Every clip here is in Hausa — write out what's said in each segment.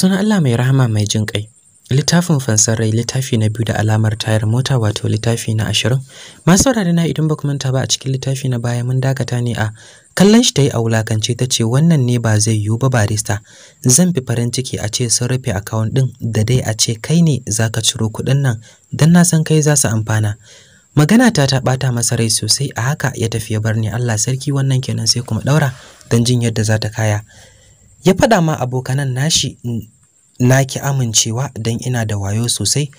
sunan Allah mai rahama mai jin ƙai. Littafin fansar rai littafi na biyu da alamar tayar mota wato littafi na ashirin. Masu saurare na idan ba ku manta ba a cikin littafi na baya mun dakata ne a kallon shi ta yi a wulakance ta ce wannan ne ba zai yiwu ba barista zan fi farin ciki a ce sun rufe akawun ɗin da dai a ce kai ne za ka ciro kuɗin nan don na san kai za su amfana. Magana ta ta ɓata masa rai sosai a haka ya tafi ya bar ni Allah sarki wannan kenan sai kuma ɗaura don jin yadda za ta kaya. ya faɗa ma abokanan nashi na ki amincewa don ina da wayo sosai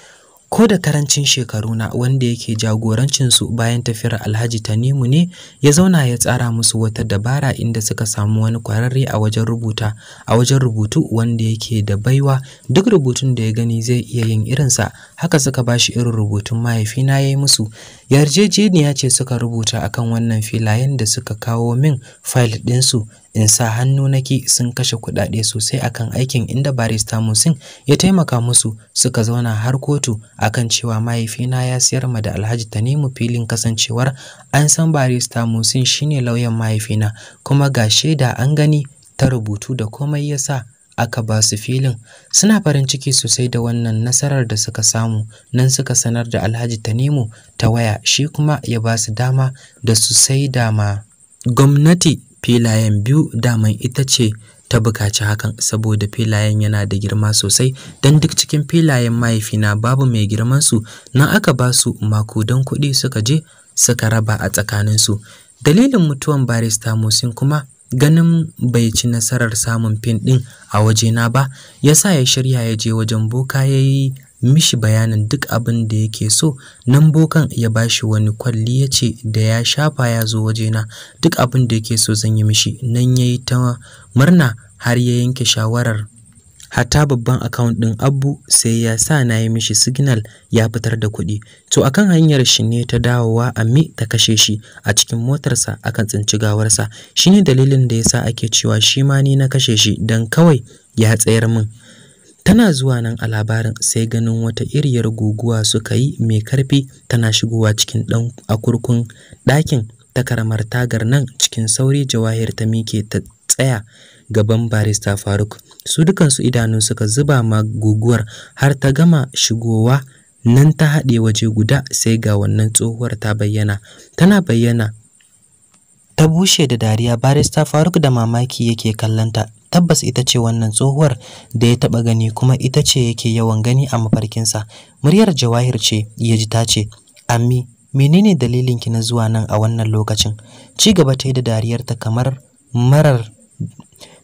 ko da karancin na wanda yake jagorancinsu bayan tafiyar alhaji tanimu ne ya zauna ya tsara musu wata dabara inda suka samu wani kwararre a wajen rubuta a wajen rubutu wanda yake da baiwa duk rubutun da ya gani zai iya yin irinsa haka suka bashi irin rubutun mahaifina ya yi musu yarjejeniya ce suka rubuta akan wannan filayen da suka kawo min fayil ɗinsu in sa hannu naki sun kashe kuɗaɗe sosai akan aikin inda barista Musin ya taimaka musu suka zauna har kotu akan cewa mahaifina ya siyar ma da Alhaji Tanimu filin kasancewar an san barista Musin shine lauyan mahaifina kuma ga shaida an gani ta rubutu da komai ya sa aka ba su filin suna farin ciki sosai da wannan nasarar da suka samu nan suka sanar da Alhaji Tanimu ta waya shi kuma ya ba su dama da su sai da gwamnati filayen biyu daman ita ce ta bukaci hakan saboda filayen yana da girma sosai don duk cikin filayen mahaifi na babu mai girmansu, su nan aka ba su mako don kuɗi suka je suka raba a tsakaninsu dalilin mutuwan barista musin kuma ganin bai ci nasarar samun fin ɗin a wajena ba yasa ya shirya ya je wajen boka ya yi mishi bayanin duk abin da yake so nan bokan ya bashi wani kwalli ya ce da ya shafa ya zo wajena duk abin da yake so zan yi mishi nan ya yi ta murna har ya yanke shawarar Hata babban account ɗin Abu sai ya sa na yi mishi signal ya fitar da kuɗi. To akan hanyar shi ne ta dawowa a mi ta kashe shi a cikin motarsa akan tsinci gawarsa. Shine dalilin da yasa ake cewa shi ma ni na kashe shi don kawai ya tsayar min. tana zuwa nan a labarin sai ganin wata iriyar guguwa suka yi mai karfi tana shigowa cikin dan akurkun ɗakin ta karamar tagar nan cikin sauri jawahir ta mike ta tsaya gaban barista faruk su dukansu idanu suka zuba ma guguwar har ta gama shigowa nan ta haɗe waje guda sai ga wannan tsohuwar ta bayyana tana bayyana ta bushe da dariya barista faruk da mamaki yake kallonta. tabbas ita ce wannan tsohuwar da ya taɓa gani kuma ita ce yake yawan gani a mafarkinsa muryar jawahir ce ya ji ta ce ammi menene dalilinki na zuwa nan a wannan lokacin ci gaba ta yi da dariyarta kamar marar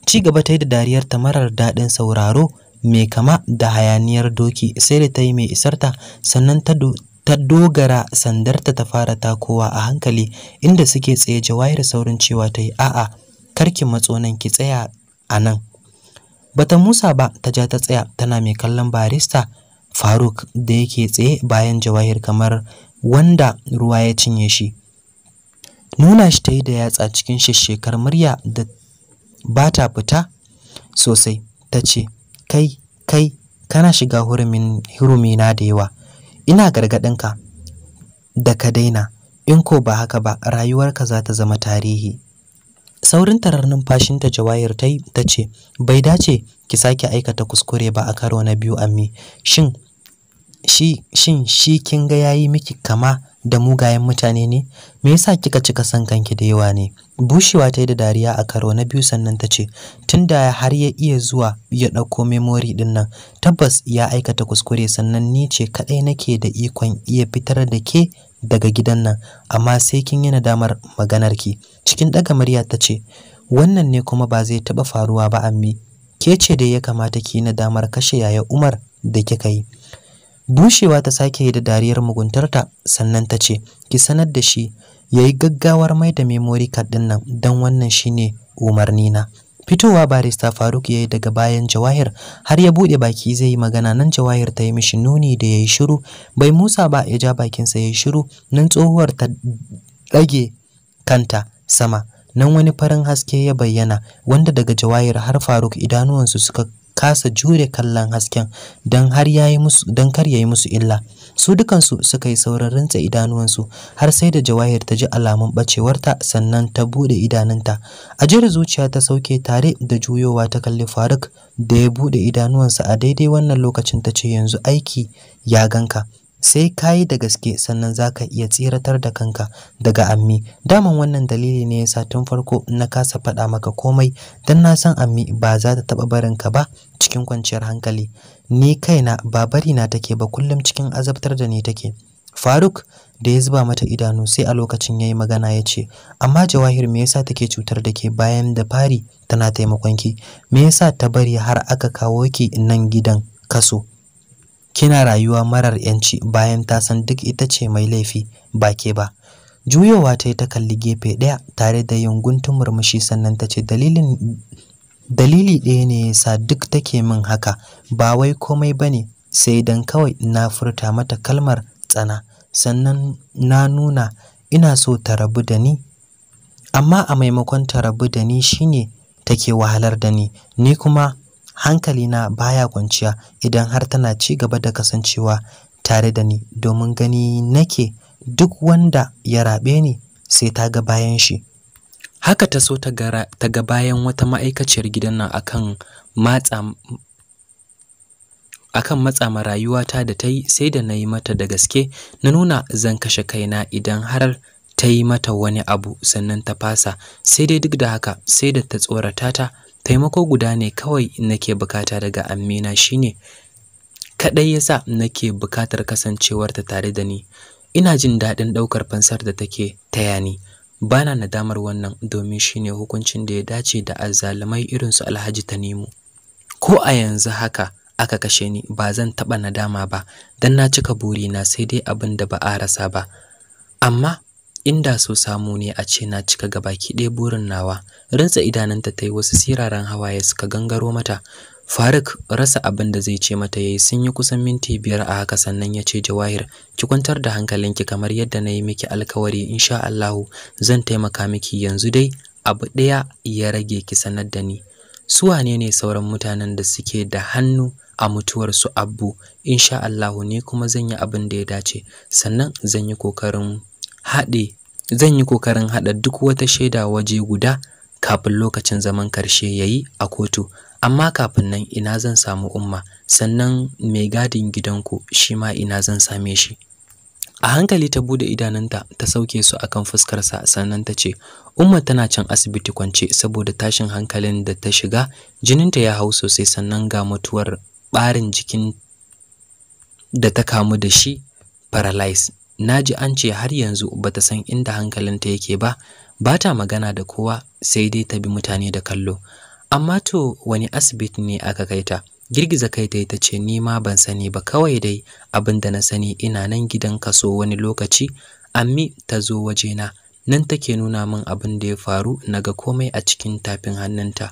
ci gaba ta yi da ta marar daɗin sauraro mai kama da hayaniyar doki sai da ta yi mai isarta sannan ta ta dogara sandarta ta fara takowa a hankali inda suke tsaye jawahir saurin cewa ta yi a'a karki matso nan ki tsaya a nan bata musa ba ta ja ta tsaya tana mai kallon barista faruk da yake tsaye bayan jawahir kamar wanda ruwa ya cinye shi nuna shi ta yi da yatsa cikin shekar murya da bata fita sosai ta ce kai kai kana shiga hurumin na da yawa ina gargaɗinka da ka daina in ko ba haka ba rayuwarka za ta zama tarihi saurin tarar numfashinta jawahir ta yi ta ce bai dace ki sake aikata kuskure ba a karo na biyu ammi shin shi shin shi kin ga yayi miki kama da mugayen mutane ne me yasa kika cika san kanki da yawa ne bushewa ta yi da dariya a karo na biyu sannan ta ce tunda har ya iya zuwa ya ɗauko memori din nan tabbas ya aikata kuskure sannan ni ce kaɗai nake da ikon iya fitar da ke daga gidan nan amma sai kin yi nadamar maganarki cikin ɗaga murya ta ce wannan ne kuma ba zai taɓa faruwa ba ammi ke ce da ya kamata ki yi nadamar kashe yaya umar da kika yi bushewa ta sake yi da dariyar muguntarta sannan ta ce ki sanar da shi ya yi gaggawar mai da memory card ɗin nan don wannan shine umarnina fitowa barista faruk ya yi daga bayan jawahir har ya bude baki zai yi magana nan jawahir ta yi mishi nuni da ya shiru bai musa ba ya ja bakinsa ya yi shiru nan tsohuwar ta ɗage kanta sama nan wani farin haske ya bayyana wanda daga jawahir har faruk idanuwansu suka kasa jure kallon hasken don kar ya yi musu illa su dukansu suka yi saurin rintsa idanuwansu har sai da jawahir ta ji alamun bacewarta sannan ta bude idanunta a ajiyar zuciya ta sauke tare da juyowa ta kalli faruk da ya bude idanuwansa a daidai wannan lokacin ta ce yanzu aiki ya ganka sai ka yi da gaske sannan za ka iya tsiratar da kanka daga ammi daman wannan dalili ne yasa tun farko na kasa faɗa maka komai don na san ammi ba za ta taɓa barin ka ba cikin kwanciyar hankali ni kaina ba bari na take ba kullum cikin azabtar da ni take faruk da ya zuba mata idanu sai a lokacin ya yi magana ya ce amma jawahir me yasa take cutar da ke bayan da fari tana taimakonki? ki me yasa ta bari har aka kawo ki nan gidan kaso kina rayuwa marar yanci bayan ta san duk ita ce mai laifi ba ke ba juyowa ta yi ta kalli gefe ɗaya tare da yin yunguntun murmushi sannan ta ce dalilin dalili ɗaya ne sa duk take min haka ba wai komai ba ne sai dan kawai na furta mata kalmar tsana sannan na nuna ina so ta rabu da ni amma a maimakon ta rabu da ni shine take wahalar da ni ni kuma hankalina baya kwanciya idan har tana ci gaba da kasancewa tare da ni domin gani nake duk wanda ya raɓe ni sai ta ga bayan shi haka ta so ta ga bayan wata ma'aikaciyar gidan nan akan matsa akan matsa ma rayuwata da ta yi sai da na yi mata da gaske na nuna zan kashe kaina idan har ta yi mata wani abu sannan ta fasa sai dai duk da haka sai da ta tsorata ta taimako guda ne kawai nake bukata daga amina shine kadai yasa nake bukatar kasancewarta tare da ni ina jin daɗin ɗaukar fansar da take taya ni bana nadamar wannan domin shine hukuncin da ya dace da azzalumai irin su Alhaji Tanimu ko a yanzu haka aka kashe ni ba zan taɓa nadama ba dan na cika burina sai dai abin da ba a rasa ba amma inda so samu ne a ce na cika gabaki ɗaya burin nawa rinsa idananta ta yi wasu siraran hawaye suka gangaro mata faruk rasa abin da zai ce mata ya yi sun yi kusan minti biyar a haka sannan ya ce jawahir ki kwantar da hankalinki kamar yadda na yi miki alkawari insha Allahu zan taimaka miki yanzu dai abu ɗaya ya rage ki sanar da ni su wane ne sauran mutanen da suke da hannu a mutuwar su abbu insha Allahu ne kuma zan yi abin da ya dace sannan zan yi kokarin haɗe zan yi kokarin haɗa duk wata shaida waje guda kafin lokacin zaman karshe yayi a kotu amma kafin nan ina zan samu umma sannan mai gadin gidanku shi ma ina zan same shi a hankali ta bude idanunta ta sauke su akan fuskarsa sannan ta ce umma tana can asibiti kwance saboda tashin hankalin da ta shiga jininta ya hau sosai sannan ga mutuwar barin jikin da ta kamu da shi paralyze naji an ce har yanzu bata san inda hankalinta yake ba bata magana da kowa sai dai ta bi mutane da kallo amma to wani asibiti ne aka kai ta girgiza kai ta ce ni ma ban sani ba kawai dai abin da na sani ina nan gidan kaso wani lokaci ammi ta zo wajena nan take nuna min abin da ya faru naga komai a cikin tafin hannunta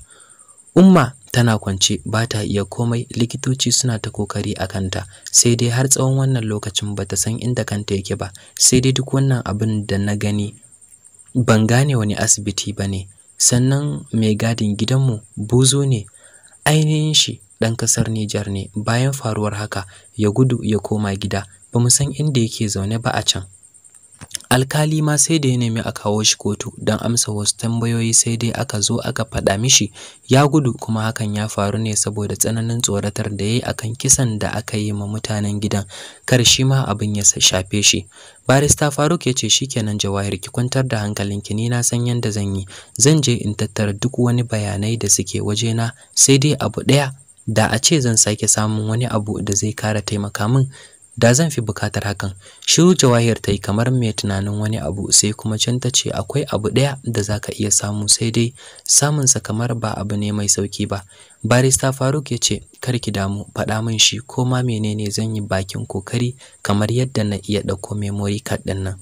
Umma tana kwance ba ta iya komai likitoci suna ta kokari a kanta sai dai har tsawon wannan lokacin ba ta san inda kanta yake ba sai dai duk wannan abin da na gani ban gane wani asibiti ba ne sannan mai gadin gidanmu buzo ne ainihin shi ɗan ƙasar Nijar ne bayan faruwar haka ya gudu ya koma gida ba mu san inda yake zaune ba a can alkali ma sai da ya nemi a kawo shi kotu don amsa wasu tambayoyi sai dai aka zo aka faɗa mishi ya gudu kuma hakan ya faru ne saboda tsananin tsoratar da ya yi akan kisan da aka yi ma mutanen gidan kar shi ma abin ya shafe shi barista faruk ya ce shi shikenan jawahir ki kwantar da hankalinki ni na san yadda zan yi zan je in tattara duk wani bayanai da suke wajena sai dai abu ɗaya da a ce zan sake samun wani abu da zai kara taimaka min da zan fi bukatar hakan shiru jawahir ta yi kamar mai tunanin wani abu sai kuma can ta ce akwai abu ɗaya da za ka iya samu sai dai samunsa kamar ba abu ne mai sauki ba barista faruk ya ce kar ki damu faɗa min shi ko ma menene zan yi bakin kokari kamar yadda na iya ɗauko memory card ɗin nan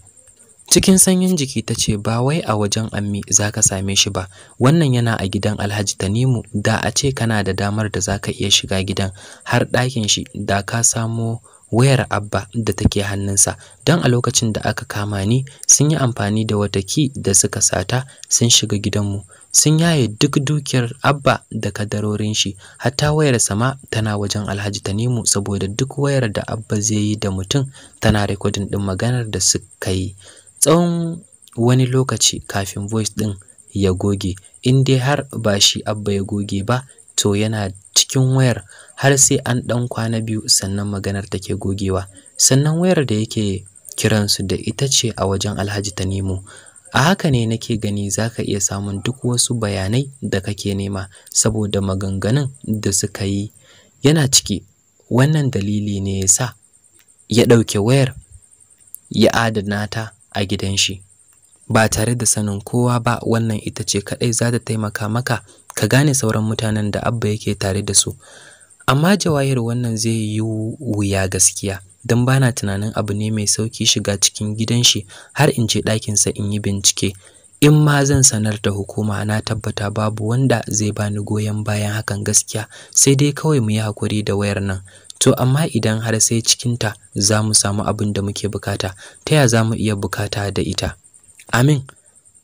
cikin sanyin jiki ta ce ba wai a wajen ammi za ka same shi ba wannan yana a gidan alhaji tanimu da a ce kana da damar da za ka iya shiga gidan har ɗakin shi da ka samo wayar Abba da take hannunsa don a lokacin da aka kama ni sun yi amfani da wata ki da suka sata sun shiga gidanmu sun yaye duk dukiyar Abba da kadarorin shi hatta wayar sama tana wajen Alhaji Tanimu saboda duk wayar da Abba zai yi da mutum tana recording din maganar da suka yi tsawon wani lokaci kafin voice din ya goge in dai har ba shi Abba ya goge ba to yana cikin wayar har sai an ɗan kwana biyu sannan maganar take gogewa sannan wayar da yake kiransu da ita ce a wajen alhaji tanimu a haka ne nake gani za ka iya samun duk wasu bayanai da kake nema saboda maganganun da suka yi yana ciki wannan dalili ne yasa ya ɗauke wayar ya adana ta a gidan shi ba tare da sanin kowa ba wannan ita ce kadai za ta taimaka maka ka gane sauran mutanen da abba yake tare da su amma jawahir wannan zai yi wuya gaskiya don bana tunanin abu ne mai sauki shiga cikin gidan shi har in je ɗakinsa in yi bincike in ma zan sanar da hukuma na tabbata babu wanda zai bani goyon bayan hakan gaskiya sai dai kawai mu yi hakuri da wayar nan to amma idan har sai cikinta za mu samu abin da muke bukata ta ya za mu iya bukata da ita amin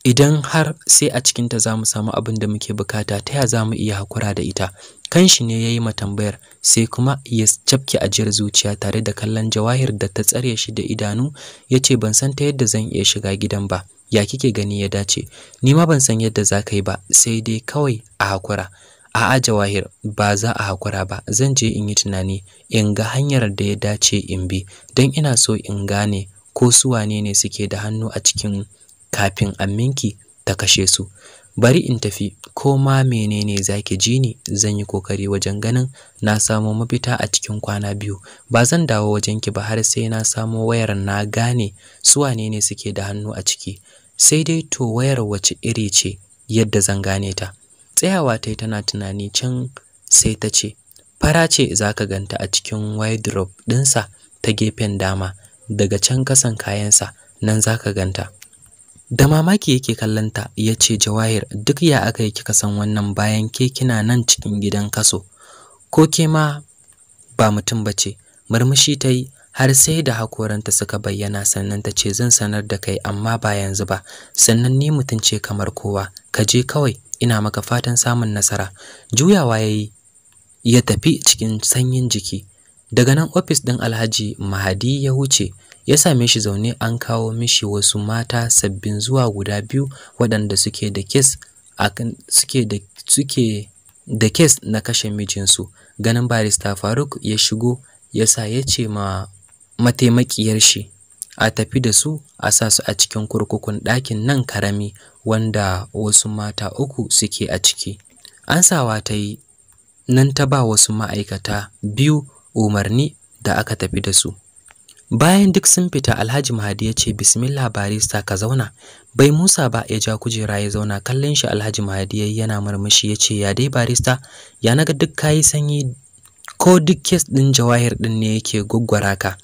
idan har sai a cikinta za mu samu abin da muke bukata ta ya za mu iya hakura da ita kanshi ne yayi ma tambayar sai kuma ya cafke ajiyar zuciya tare da kallon jawahir da ta tsare shi da idanu yace ban san ta yadda zan iya shiga gidan ba ya kike gani ya dace ni ma ban san yadda za ka yi ba sai dai kawai a hakura a'a jawahir ba za a hakura ba zan je in yi tunani in ga hanyar da ya dace in bi don ina so in gane ko su wane ne suke da hannu a cikin kafin aminki ta kashe su bari in tafi ko ma menene zaki ji ni zan yi kokari wajen ganin na samo mafita a cikin kwana biyu ba zan dawo wajen ki ba har sai na samo wayar na gane su wane ne suke da hannu a ciki sai dai to wayar wace iri ce yadda zan gane ta tsayawa tai tana tunani can sai ta ce fara ce zaka ganta a cikin wardrobe dinsa ta gefen dama daga can kasan kayansa nan zaka ganta da mamaki yake kallonta ya ce jawahir duk ya aka yi kika san wannan bayan ke kina nan cikin gidan kaso ko ke ma ba mutum bace, murmushi ta yi har sai da hakoranta suka bayyana sannan ta ce zan sanar da kai amma ba yanzu ba sannan ni mutum ce kamar kowa ka je kawai ina maka fatan samun nasara juyawa ya yi ya tafi cikin sanyin jiki daga nan ofis ɗin alhaji mahadi ya wuce ya same shi zaune an kawo mishi wasu mata sabbin zuwa guda biyu waɗanda suke da kes suke da suke da kes na kashe mijinsu ganin barista Faruk ya shigo ya sa ya ce ma mataimakiyar shi a tafi da su a sa su a cikin kurkukun ɗakin nan karami wanda wasu mata uku suke a ciki an sawa ta yi nan ta ba wasu ma'aikata biyu umarni da aka tafi da su Bayan duk sun fita Alhaji Mahadi ya ce bismillah barista ka zauna. Bai Musa ba ya ja kujera ya zauna kallon shi Alhaji Mahadi yayi yana murmushi ya ce ya dai barista ya naga duk kayi sanyi ko duk kes din Jawahir din ne yake gwaggwara ka.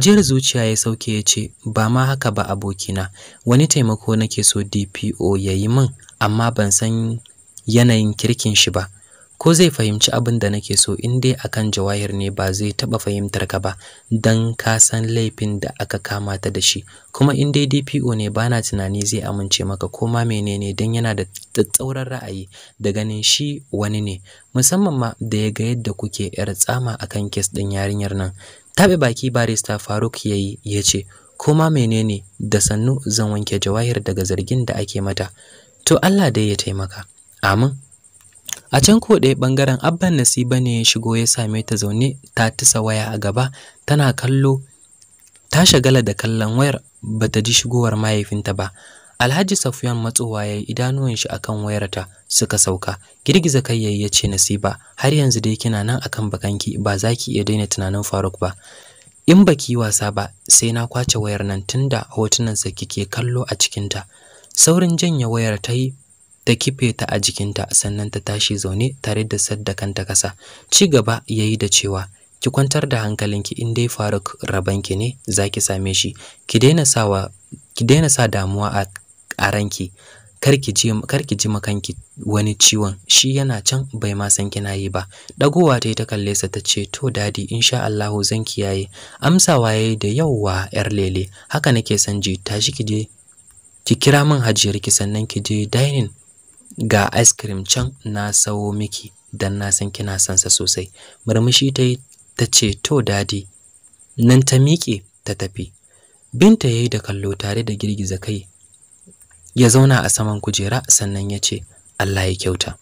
jiyar zuciya ya sauke ya ce ba ma haka ba abokina wani taimako nake so DPO ya yi min amma ban san yanayin kirkin shi ba. ko zai fahimci abin da nake so in dai akan jawahir ne ba zai taɓa fahimtar ka ba dan ka san laifin da aka kama ta da shi kuma in dai DPO ne bana tunani zai amince maka ko ma menene dan yana da tsauran ra'ayi da ganin shi wani ne musamman ma da ya ga yadda kuke yar tsama akan kes ɗin yarinyar nan taɓe baki barista Faruk yayi ya ce ma menene da sannu zan wanke jawahir daga zargin da ake mata to Allah dai ya taimaka amin A can ko ɗaya ɓangaren Abban Nasiba ne ya shigo ya same ta zaune ta tisa waya a gaba tana kallo ta shagala da kallon wayar ba ta ji shigowar mahaifinta ba. Alhaji Safiyan matsowa ya yi idanuwan shi akan wayarta suka sauka. Girgiza kai yayi ya ce Nasiba, har yanzu dai kina nan akan bakanki ba za ki iya daina tunanin Faruk ba. In baki wasa ba sai na kwace wayar nan tunda hotunan sa kike kallo a cikinta. Saurin janye wayar ta yi ta kife ta a jikinta sannan ta tashi zaune tare da sadda kanta kasa ci gaba yayi da cewa ki kwantar da hankalinki in dai Faruk rabanki ne zaki same shi ki daina sawa ki daina sa damuwa a, a ranki karki ji karki ji makanki wani ciwon shi yana can bai ma san kina yi ba dagowa ta yi ta kalle sa ta ce to dadi insha Allah zan kiyaye amsawa yayi da yawwa yar lele haka nake son ji tashi ki je ki kira min hajiyar ki sannan ki je dining Ga ice cream can na sawo miki dan na san kina son sa sosai. Murmushi ta yi ta ce to dadi. Nan ta miƙe ta tafi. Binta yayi da kallo tare da girgiza kai. Ya zauna a saman kujera sannan ya ce Allah ya kyauta.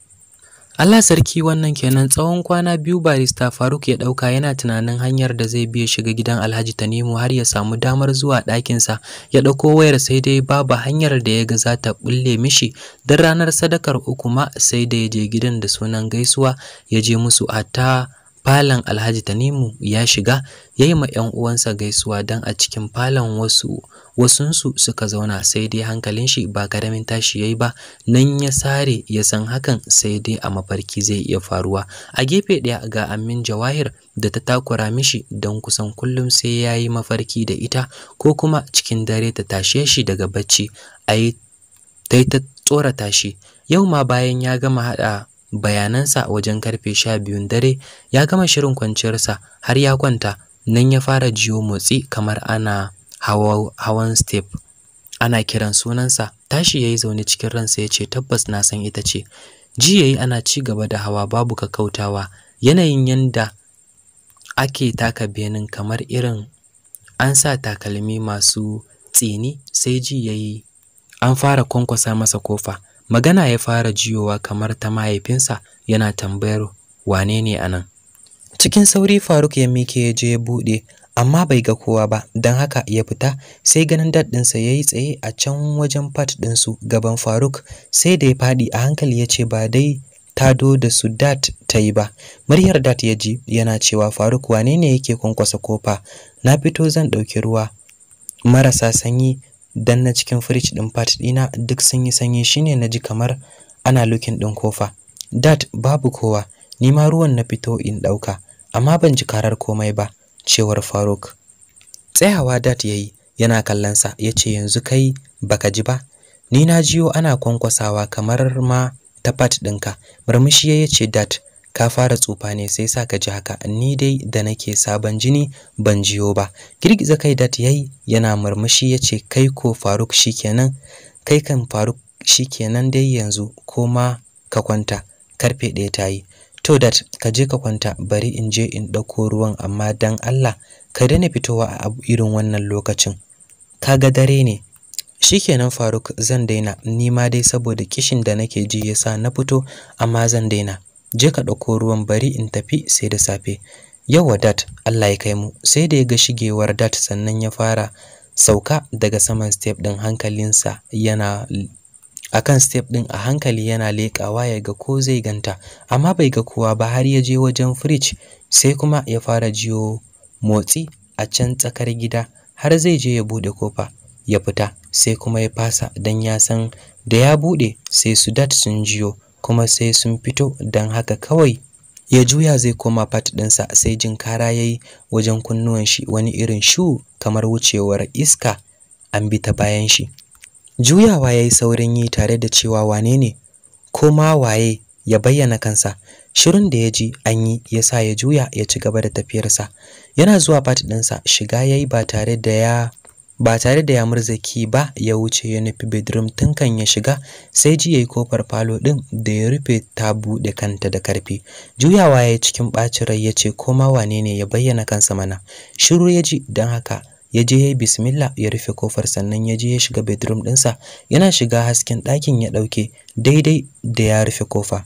Allah sarki wannan kenan tsawon kwana biyu barista Faruk ya dauka yana tunanin hanyar da zai biya shiga gidan Alhaji Tanimu har ya samu damar zuwa ɗakinsa ya ɗauko wayar sai dai babu hanyar da ya ga za ta bulle mishi don ranar sadakar uku ma sai da ya je gidan da sunan gaisuwa ya je musu hatta falon Alhaji Tanimu ya shiga ya yi ma 'yan uwansa gaisuwa don a cikin falon wasu wasunsu suka zauna sai dai hankalin shi ba karamin tashi ya yi ba nan ya sare ya san hakan sai dai a mafarki zai iya faruwa a gefe ɗaya ga Amin Jawahir da ta takura mishi don kusan kullum sai ya yi mafarki da ita ko kuma cikin dare ta tashe shi daga bacci ayi yi ta tsorata shi yau ma bayan ya gama haɗa. bayanansa wajen karfe sha biyun dare ya gama shirin kwanciyarsa har ya kwanta nan ya fara jiyo motsi kamar ana hawan step ana kiran sunansa tashi yayi zaune cikin ransa ya ce tabbas na san ita ce ji yayi ana ci gaba da hawa babu kakautawa yanayin yanda ake taka benin kamar irin an sa takalmi masu tsini sai ji yayi an fara kwankwasa masa kofa Magana ya fara jiyowa kamar ta mahaifinsa yana tambayar wane ne a nan. Cikin sauri Faruk ya mike ya je ya buɗe amma bai ga kowa ba don haka ya fita sai ganin daddinsa ya yi tsaye a can wajen fat ɗinsu gaban Faruk sai da ya faɗi a hankali ya ce ba dai tado da su dat ta yi ba. Muryar dat ya ji yana cewa Faruk wane ne yake kwankwasa kofa na fito zan ɗauki ruwa marasa sanyi dan na cikin fridge din part dina duk sun yi sanyi shine naji kamar ana looking din kofa Dad, babu kowa ni ma ruwan na fito in dauka amma ban ji karar komai ba cewar Faruk tsayawa dat yayi yana kallon sa yace yanzu kai baka ji ba ni na jiyo ana kwankwasawa kamar ma ta part dinka murmushi yace Dad. ka fara tsufa ne sai sa ka ji haka ni dai da nake sabon jini ban jiyo ba girgiza kai dat yayi yana murmushi yace kai ko Faruk shikenan kai kan Faruk shikenan dai yanzu ko ma ka kwanta karfe ɗaya ta yi, to dat ka je ka kwanta bari in je in ɗauko ruwan amma dan Allah ka daina fitowa a irin wannan lokacin Ka ga dare ne shikenan Faruk zan daina ni ma dai saboda kishin da nake ji yasa na fito amma zan daina je ka ɗauko ruwan bari in tafi sai da safe yawa dat Allah ya kai mu sai da ya ga shigewar dat sannan ya fara sauka daga saman step ɗin hankalinsa yana akan step ɗin a hankali yana leƙawa ya ga ko zai ganta amma bai ga kowa ba har ya je wajen fridge sai kuma ya fara jiyo motsi a can tsakar gida har zai je ya buɗe kofa ya fita sai kuma ya fasa don ya san da ya buɗe sai su dat sun jiyo kuma sai sun fito don haka kawai ya juya zai koma fat ɗinsa sai jin kara ya yi wajen kunnuwan shi wani irin shu kamar wucewar iska an bi ta bayan shi juyawa ya yi saurin yi tare da cewa wane ne ko ma waye ya bayyana kansa shirin da ya ji an yi ya sa ya juya ya ci gaba da tafiyarsa yana zuwa fat ɗinsa shiga ya yi ba tare da ya ba tare da ya murzaki ba ya wuce ya nufi bedroom tun kan ya shiga sai ji yayi kofar falo din da ya rufe ta buɗe kanta da karfi juyawa ya cikin ɓacin rai ya ce koma wane ne ya bayyana kansa mana shiru ya ji don haka ya je ya yi bismillah ya rufe kofar sannan ya je ya shiga bedroom ɗinsa yana shiga hasken ɗakin ya ɗauke daidai da ya rufe kofa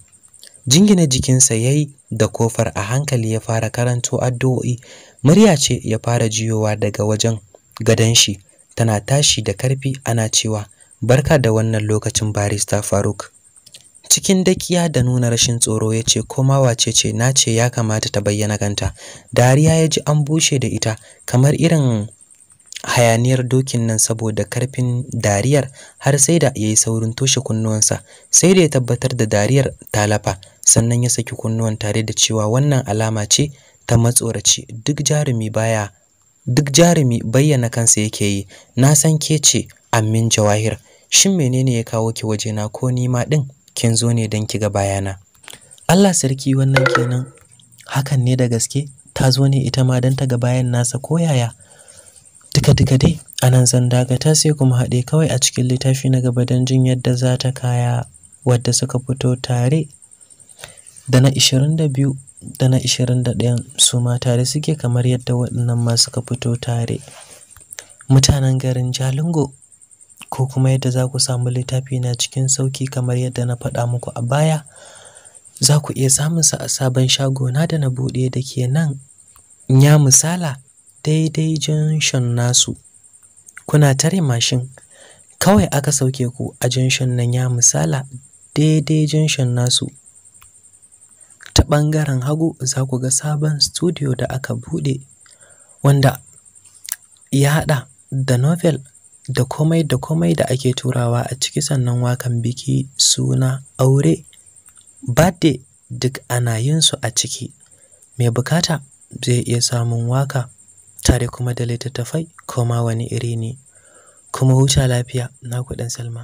jingina jikinsa ya yi da kofar a hankali ya fara karanto addu'o'i murya ce ya fara jiyowa daga wajen gadon shi tana tashi da karfi ana cewa barka da wannan lokacin barista Faruk cikin dakiya da nuna rashin tsoro ya ce koma wace ce na ce ya kamata ta bayyana kanta dariya ya ji an bushe da ita kamar irin hayaniyar dokin nan saboda karfin dariyar har sai da ya yi saurin toshe kunnuwansa sai da ya tabbatar da dariyar talafa sannan ya saki kunnuwan tare da cewa wannan alama ce ta matsoraci duk jarumi baya duk jarumi bayyana kansa yake yi na san ke ce amin jawahir shin menene ya kawo ki wajena ko nima ma din kin zo ne don ki ga bayana Allah sarki wannan kenan hakan ne da gaske ta zo ne ita ma don ta ga bayan nasa ko yaya duka-duka dai anan nan zan ta sai kuma haɗe kawai a cikin littafi na gaba don jin yadda za ta kaya wadda suka fito tare da na 22 da na 21 su ma tare suke kamar yadda waɗannan ma suka fito tare mutanen garin jalingo ko kuma yadda za ku samu littafi na cikin sauki kamar yadda na faɗa muku a baya za ku iya samunsa a sabon shagona da na buɗe da ke nan ya misala daidai janshin nasu kuna tare mashin kawai aka sauke ku a janshin nan ya misala daidai janshin nasu ta ɓangaren hagu za ku ga sabon studio da aka buɗe wanda ya haɗa da novel da komai da komai da ake turawa a ciki sannan wakan biki suna aure birthday duk ana yin su a ciki mai bukata zai iya samun waka tare kuma da littattafai koma wani iri ne kuma huta lafiya na kuɗin salma